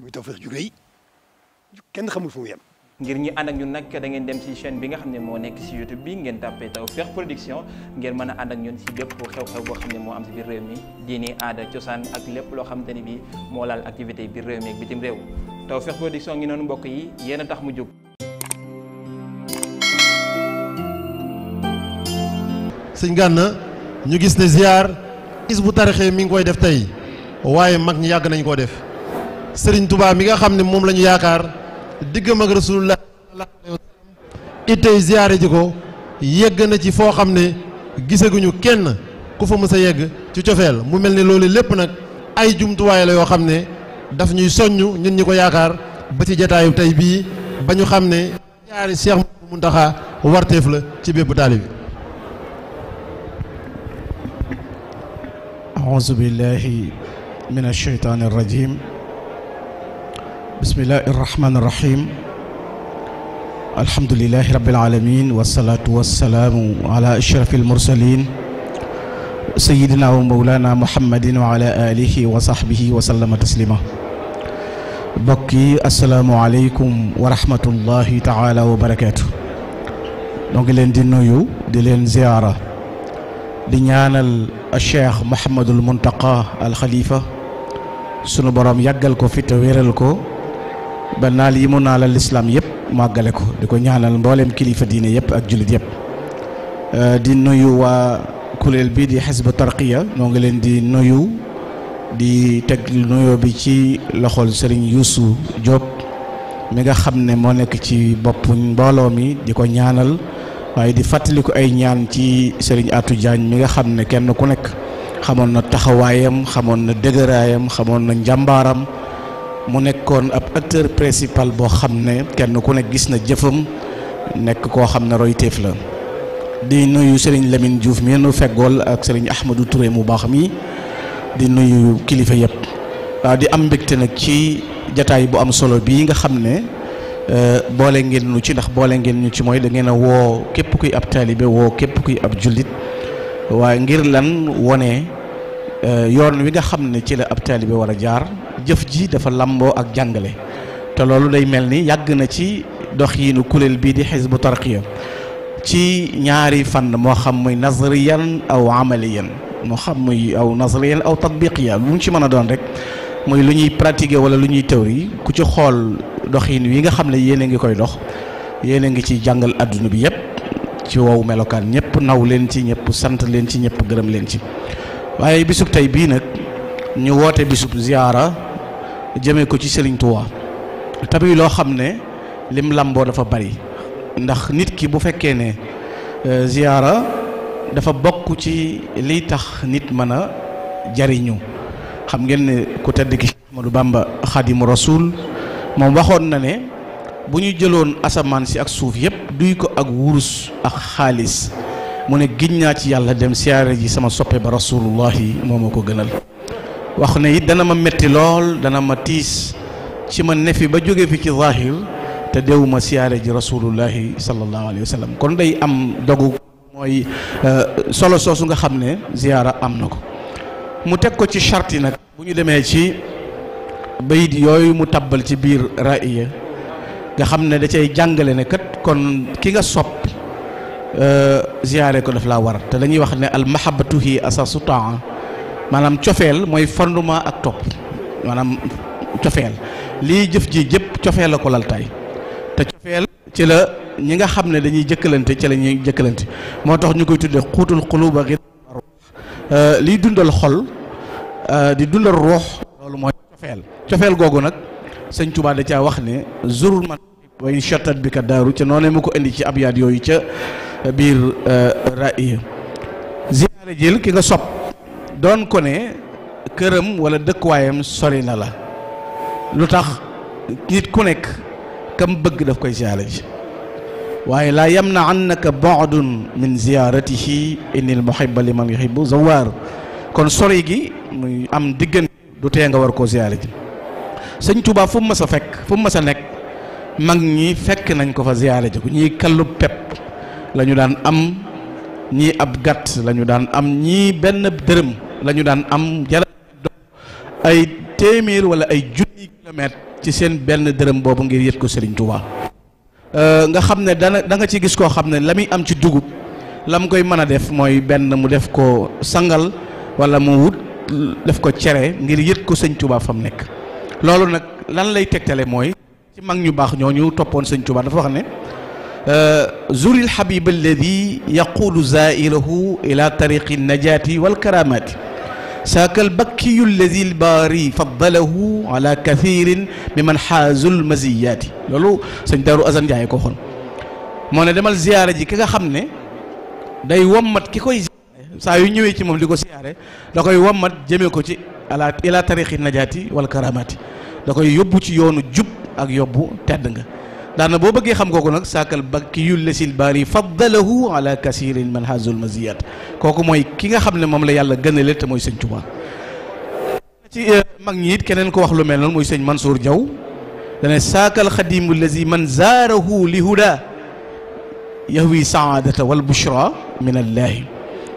muy Tawfekh ju kenn xamul fu mu yem. ngir ñi ànd ak ñun nag da ngeen dem ci chaîne bi nga xam ne moo nekk ci YouTube bi ngeen tàppee Tawfekh Production ngeen mën a ànd ak ñun ci bépp xew-xew boo xam ne moo am ci biir réew mi diini aada cosaan ak lépp loo xamante ni bi moo laal activité biir réew mi ak bitim réew Tawfekh Production ngi noonu mbokk yi yéen a tax mu jóg. sëñ Gana ñu gis ne ziar is bu tarixee mi ngi koy def tey waaye mag ñi yàgg nañ koo def. sëriñ tubaa bi nga xam ne moom lañu yaakaar diggam ak rasulullah sallallahu alayhi ziyaare ji ko yegg na ci foo xam ne gisaguñu kenn ku fa mës a yegg ci cofeel mu mel ni loolu lépp nag ay jumtuwaay la yoo xam ne daf ñuy soññ ñun ñi ko yaakaar ba ci jataayu tey bii ba ñu xam ne ziyaare Cheikh Muntaxa warteef la ci bépp taalibi aouzu bismillahi irrahmani irrahim alhamdulilahi rabilalamin wasalatu wasalaamu ala ashrafi almursalin sayidina wa maulana muhammadin wa ala alihi wa sahbihi wa sallama taslima mbokk yi asalaamualeykum wa rahmatullahi taala wa barakaatu donc leen di nuyu di leen ziyaara di ñaanal cheikh Mouhamadul Muntaqa al Khalifa sunu borom yàggal ko fi te wéral ko ba naal yi mu naalal lislaam yëpp màggale ko di ko ñaanal mbooleem kilifa diine yëpp ak jullit yëpp euh, di nuyu waa kuréel bi di xes xisbu tarqiya moo ngi leen di nuyu di teg nuyoo bi ci loxool sëriñ Youssou Diop mi nga xam ne moo nekk ci bopp mbooloo mi di ko ñaanal waaye di fàttaliku ay ñaan ci sëriñ Atou Diagne mi nga xam ne kenn ku nekk xamoon na taxawaayam xamoon na dëgëraayam xamoon na njàmbaaram mu nekkoon ab acteur principal boo xam ne kenn ku ne gis na jëfam nekk koo xam ne royteef la di nuyu Serigne Lamine Diouf mi nu feggool ak Serigne Ahmadou ture mu baax mi di nuyu kilifa yëpp waaw di am mbégte nag ci jataay bu am solo bii nga xam ne euh, boole ngeen ñu ci ndax boole ngeen ñu ci mooy da ngeen a woo képp kuy ab taalibe woo képp kuy ab jullit waaye ngir lan wone euh, yoon wi nga xam ne ci la ab taalibe war a jaar jëf ji dafa làmboo ak jàngale te loolu day mel ni yàgg na ci doxiinu kuréel bii di xisbu tarqiya ci ñaari fànn moo xam muy nazariyan aw amaliyan moo xam muy aw nazariyan aw tatbiqiya lu mu ci mën a doon rek muy lu ñuy pratiquer wala lu ñuy théorie ku ci xool doxiin yi nga xam ne yéen a ngi koy dox yéen a ngi ci jàngal àdduna bi yépp ci wow melokaan ñëpp naw leen ci ñëpp sant leen ci ñëpp gërëm leen ci waaye bisub tey bii nag ñu woote bisub jëmee ko ci Serigne Touba loo xam ne lim làmboo dafa bari ndax nit ki bu fekkee ne euh, ziyaara dafa bokk ci liy tax nit mën a jariñu xam ngeen ne ku tedd ki Ahmadou Bamba Xaadimu Rasuul moom waxoon na ne bu ñu jëloon asamaan si ak suuf yëpp duy ko ak wurus ak xaalis mu ne giñ naa ci yàlla dem siyaare ji sama soppe ba rasulullahi moo ma ko gënal wax ne it dana ma metti lool dana ma tiis ci ma nefi ba jóge fi ci zahir te dewuma siyaare ji rasulullahi sallallahu alayhi wa sallam kon day am dogu mooy euh, solo soosu nga xam ne ziyaara am na ko mu teg ko ci charte yi nag bu ñu demee ci bayit yooyu mu tabal ci biir ra'iya nga xam ne da cay jàngale ne kat kon ki nga sopp euh, ziyaare ko daf laa war te dañuy wax ne al mahabbatu hi su taa maanaam cofeel mooy fondement ak topp maanaam cofeel lii jëf ji jëpp cofeel la ko laltaay te cofeel ci la ñi nga xam ne dañuy jëkkalante ci la ñuy jëkkalante moo tax ñu koy tuddee xuutul xuluba gi euh, liy dundal xol euh, di dundal ruux loolu mooy cofeel cofeel googu nag sëñ Tuubaa da caa wax ne zurul man way shottat bi ka daaru ca noonee mu ko indi ci abyaat yooyu ca biir euh, ra'iya ziyaare jël ki nga sopp doon ko ne këram wala dëkkuwaayam sori na la lu tax nit ku nekk kam bëgg daf koy siyaare ji waaye laa yamna annaka baadun min ziyaaratihi innil muhibba liman yuhibbu zawaar kon sori gi muy am diggante du tee nga war koo siyaare ji sëñ tubaab fu mu mas fekk fu mu mas a nekk mag ñi fekk nañ ko fa siyaare ji ku ñuy kallu pepp la daan am ñii ab gàtt la ñu daan am ñii benn dërëm lañu daan am jara ay téeméer wala ay junni kilomètre ci seen benn dërëm boobu ngir yët ko Serigne Touba euh, nga xam ne dana da nga ci gis koo xam ne la muy am ci dugub la mu koy mën a def mooy benn mu def ko sangal wala mu wut def ko cere ngir yët ko sëñ Touba fa mu nekk loolu nag lan lay tegtale mooy ci mag ñu baax ñoo ñu toppoon sëñ Touba dafa wax ne euh, zuril habib alladi yaqulu zairuhu ila tariqi najaati wal karamati saaka albakiyu alladi albaari faddalahu ala kathirin mi man xaazul maziyaati loolu sëñ Daaru Asan Njaay ko xoon moo ne demal ziyaare ji ki nga xam ne day wommat ki koy saa yu ñëwee ci moom di ko siyaare da koy wommat jëmee ko ci ala ila tariqi najaati wal karamaati da koy yóbbu ci yoonu jub ak yóbbu tedd nga daana boo bëggee xam kooku nag saakal bakki yullasil baari faddalahu ala kasirin man hazul maziyat kooku mooy ki nga xam ne moom la yàlla gënale te mooy sëñ Tuubaa ci euh, mag ñi it keneen ko wax lu mel noonu mooy sëñ Mansour jaw dane saakal xadimu lazi man zaarahu li huda yahwi saadata wal bushra min allahi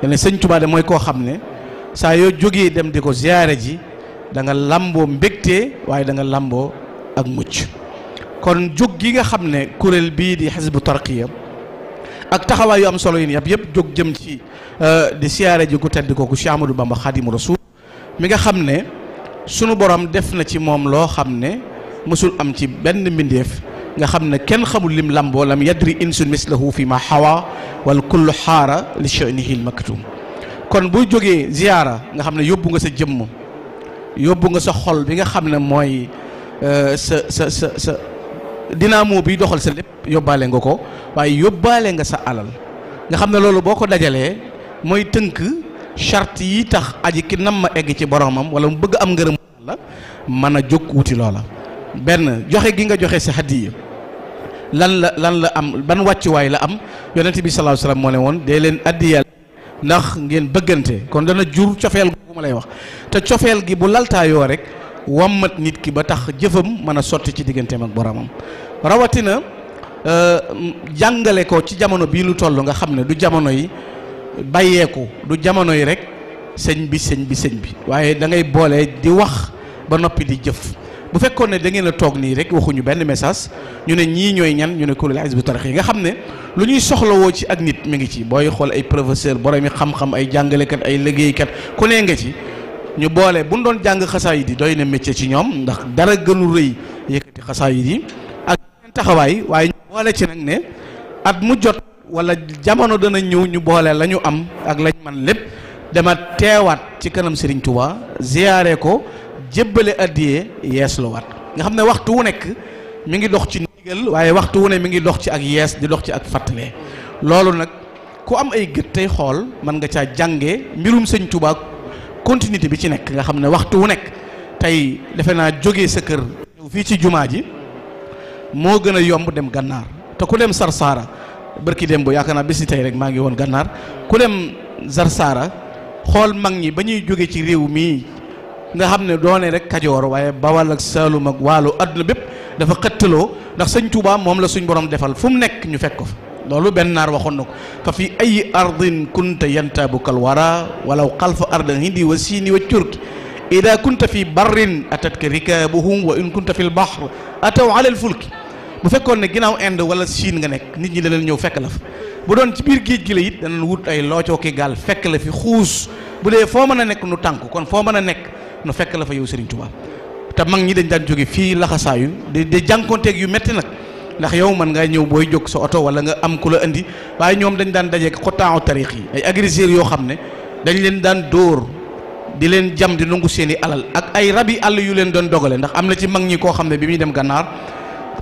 dane sëñ Tuubaa de mooy koo xam ne saa yoo jógee dem di ko ziyaare ji danga nga làmboo mbégte waaye da nga làmboo ak mucc kon jóg gi nga xam ne kuréel bii di xisbu tarqiya ak taxawaay yu am solo yi nii yëpp yëpp jóg jëm ci euh, di siyaare ji ku tedd kooku Cheikh Ahmadou Bamba Xaadimu Rasuul mi nga xam ne sunu borom def na ci moom loo xam ne mësul am ci benn mbindeef nga xam ne kenn xamul lim lamboo lam yadri insun mislahu fi ma xawa wal kullu xaara li sha'nihi al maktum kon buy jógee ziyaara nga xam ne yóbbu nga sa jëmm yóbbu nga sa xol bi nga xam ne mooy euh, sa sa sa sa moo bi doxal sa lépp yóbbaale nga ko waaye yóbbaale nga sa alal nga xam ne loolu boo ko dajalee mooy tënk charte yi tax aji ki nam ma egg ci boromam wala mu bëgg am ngërëm la mën a jóg wuti loola benn joxe gi nga joxe sa hadiya lan la lan la am ban wàccuwaay la am yonent bi sallallahu alayhi moo ne woon dee leen addiyal ndax ngeen bëggante kon dana jur cofeel gu ma lay wax te cofeel gi bu laltaayoo rek wammat nit ki ba tax jëfam mën a sotti ci digganteem ak boromam rawatina euh, jàngale ko ci jamono bii lu toll nga xam ne du jamono yi bàyyeeku du jamono yi rek sëñ bi sëñ bi sëñ bi waaye da ngay boole di wax ba noppi di jëf bu fekkoon ne da ngeen a toog nii rek waxuñu benn message ñu ne ñii ñooy ñan ñu ne kuréel Hizbut Tarqiyyah yi nga xam ne lu ñuy soxlawoo ci ak nit mu ngi ci booy xool ay professeur borom yi xam-xam ay jàngalekat ay liggéeykat ku nee nga ci. ñu boole bu ñu doon jàng xasaayid yi doy na métier ci ñoom ndax dara gënu rëy yëkkati xasaayid yi ak yeneen taxawaay waaye ñu boole ci nag ne at mu jot wala jamono dana ñëw ñu boole la ñu am ak lañ man lépp dama teewaat ci kanam Serigne tubaa ziyaare ko jébbale addiyee yeesluwaat nga xam ne waxtu wu nekk mi ngi dox ci ndigal waaye waxtu wu ne mi ngi dox ci ak yees di dox ci ak fàttalee loolu nag ku am ay gët tey xool mën nga caa jànge mbirum Sëñ Touba. continuité bi ci nekk nga xam ne waxtu wu nekk tey defe naa jóge sa kër ñëw fii ci jumaa ji moo gën a yomb dem gànnaar te ku dem Sarsara bërki dem bu yaakaar naa bis ni tey rek maa ngi woon gànnaar ku dem Sarsara xool mag ñi ba ñuy jóge ci réew mii nga xam ne doone rek Kajoor waaye Bawal ak Saalum ak Waalo adduna bépp dafa xëttaloo ndax sëñ Touba moom la suñ borom defal fu mu nekk ñu fekk ko loolu benn naar waxoon na ko fa fi ay ardin kunta yantabukal wara walaw xalfa ardin hindi wa siini wa turki ida kunta fi barrin atatka rikabuhum wa in kunta fi l bahr wa ala l fulki bu fekkoon ne ginnaaw Inde wala Chine nga nekk nit ñi da leen ñëw fekk la fa bu doon ci biir géej gi la it wut ay loocooki gaal fekk la fi xuus bu dee foo mën a nekk nu tànk kon foo mën a nekk nu fekk la fa yow Serigne Touba te mag ñi dañ daan jóge fii laxasaayu di di yu metti nag ndax yow man ngaa ñëw booy jóg sa oto wala nga am ku la indi waaye ñoom dañ daan ko xottaanu tarix yi ay agresseurs yoo xam ne dañ leen daan dóor di leen jam di nangu seen i alal ak ay rabi àll yu leen doon dogale ndax am na ci mag ñi koo xam ne bi muy dem gànnaar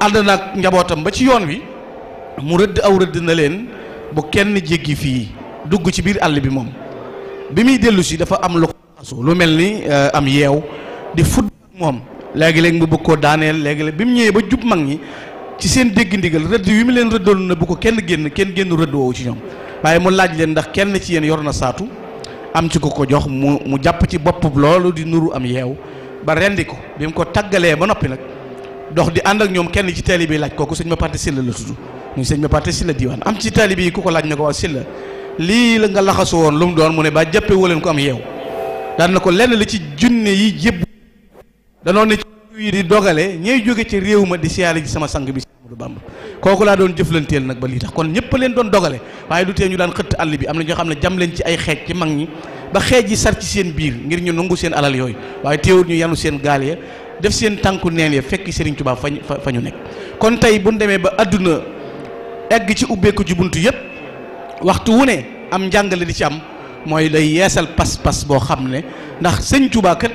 ànd naag njabootam ba ci yoon wi mu rëdd aw rëdd na leen bu kenn jéggi fii dugg ci biir àll bi moom bi muy dellu si dafa am lu ko lu mel ni euh, am yeew di fut moom léegi-léegi mu bëgg koo daaneel léegi-léeg bi mu ñëwee ba jub mag ñi ci seen dégg ndigal rëdd wi mu leen rëddoon na bu ko kenn génn kenn génn rëdd woowu ci ñoom waaye mu laaj leen ndax kenn ci yéen yor na saatu am ci ko ko jox mu mu jàpp ci bopp loolu di nuru am yeew ba rendi ko bi mu ko taggalee ba noppi nag dox di ànd ak ñoom kenn ci taalibe yi laaj kooku sëñ ma parte silla la tudd muy sëñ ma parte silla diiwaan am ci taalibe ku ko laaj ne ko waa silla lii la nga laxasu woon lu mu doon mu ne ba jàppee leen ko am yeew daan na ko lenn li yi yëpp yi di dogale ñay jóge ci réew ma di siyaare ji sama sang bi Ahmadou Bamba kooku laa doon jëflanteel nag ba lii tax kon ñëpp leen doon dogale waaye du tee ñu daan xëtt àll bi am na ñoo xam ne jam leen ci ay xeej mag ñi ba xeej yi sar ci seen ngir ñu nangu seen alal yooyu waaye teewul ñu yanu seen gaal def seen tànku neen ya fekk Serigne Touba fañ fa ñu nekk kon tey bu ñu demee ba àdduna egg ci ubbeeku ci bunt yëpp waxtu wu ne am njàngale di ci am mooy day yeesal pas-pas boo xam ne ndax sëñ Touba kat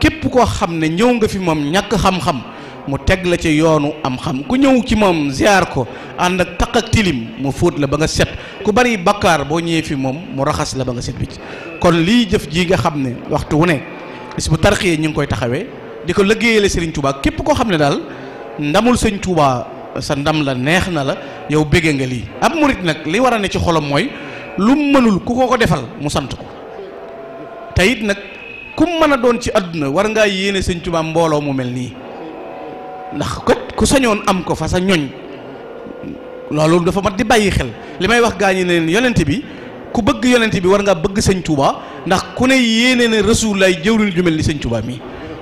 képp ko xam ne ñëw nga fi moom ñàkk xam-xam mu teg la ci yoonu am xam ku ñëw ci moom ziar ko ànd ak taq ak tilim mu fóot la ba nga set ku bari bakkaar boo ñëwee fi moom mu raxas la ba nga set ci kon lii jëf ji nga xam ne waxtu wu ne bis bu tarxiyee ñu ngi koy taxawee di ko liggéeyale Serigne Touba képp koo xam ne daal ndamul Serigne Touba sa ndam la neex na la yow béggee nga lii ab murit nag li war ne ci xolam mooy lu mënul ku ko ko defal mu sant ko ku mën a doon ci àdduna war ngaa yéene sëñ Tuubaa mbooloo mu mel nii ndax kat ku sañoon am ko fa sa ñoñ loolu dafa mat di bàyyi xel li may wax gaa ñi ne leen yonent bi ku bëgg yonent bi war ngaa bëgg sëñ Tuubaa ndax ku ne yéene ne rasuulaay jëwriñ ju mel ni sëñ Tuubaa mi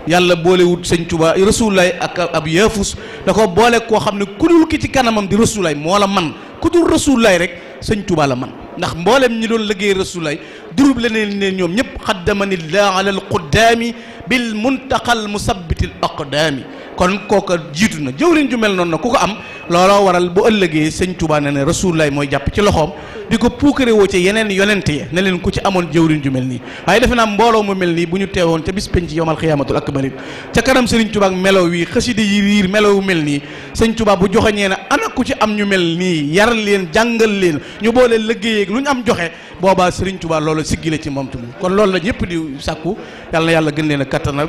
yàlla boole wut sëñ Tuubaa rasuulaay ak ab yaafus da ko boole koo xam ne ku dul ki ci kanamam di rasuulaay moo la man ku dul rasuulaay rek sëñ Tuubaa la man ndax mboolem ñi doon liggéey rasulaay durub leneen ne ñoom ñëpp xaddamani llah ala alquddaami bil muntaqal musabbitil aqdaami kon kooka jiitu na jëwriñ ju mel noonu na ku ko am looloo waral bu ëllëgee sëñ Tuubaa ne ne Rasuulullaah mooy jàpp ci loxoom di ko puukare woo ci yeneen yonent yi ne leen ku ci amoon jëwriñ ju mel nii waaye defe naa mbooloo mu mel nii bu ñu teewoon ca bis penc yowmal xiyaamatul akbarit ca kanam sëriñ ak melow wi xasida yi riir melow mel nii sëñ Tuubaa bu joxeñee ne ana ku ci am ñu mel nii yar leen jàngal leen ñu boole liggéey lu ñu am joxe boobaa sëriñ Tuubaa loolu siggi la ci moom tamit kon loolu la ñëpp di sàkku yàlla yàlla gën leen a kattanal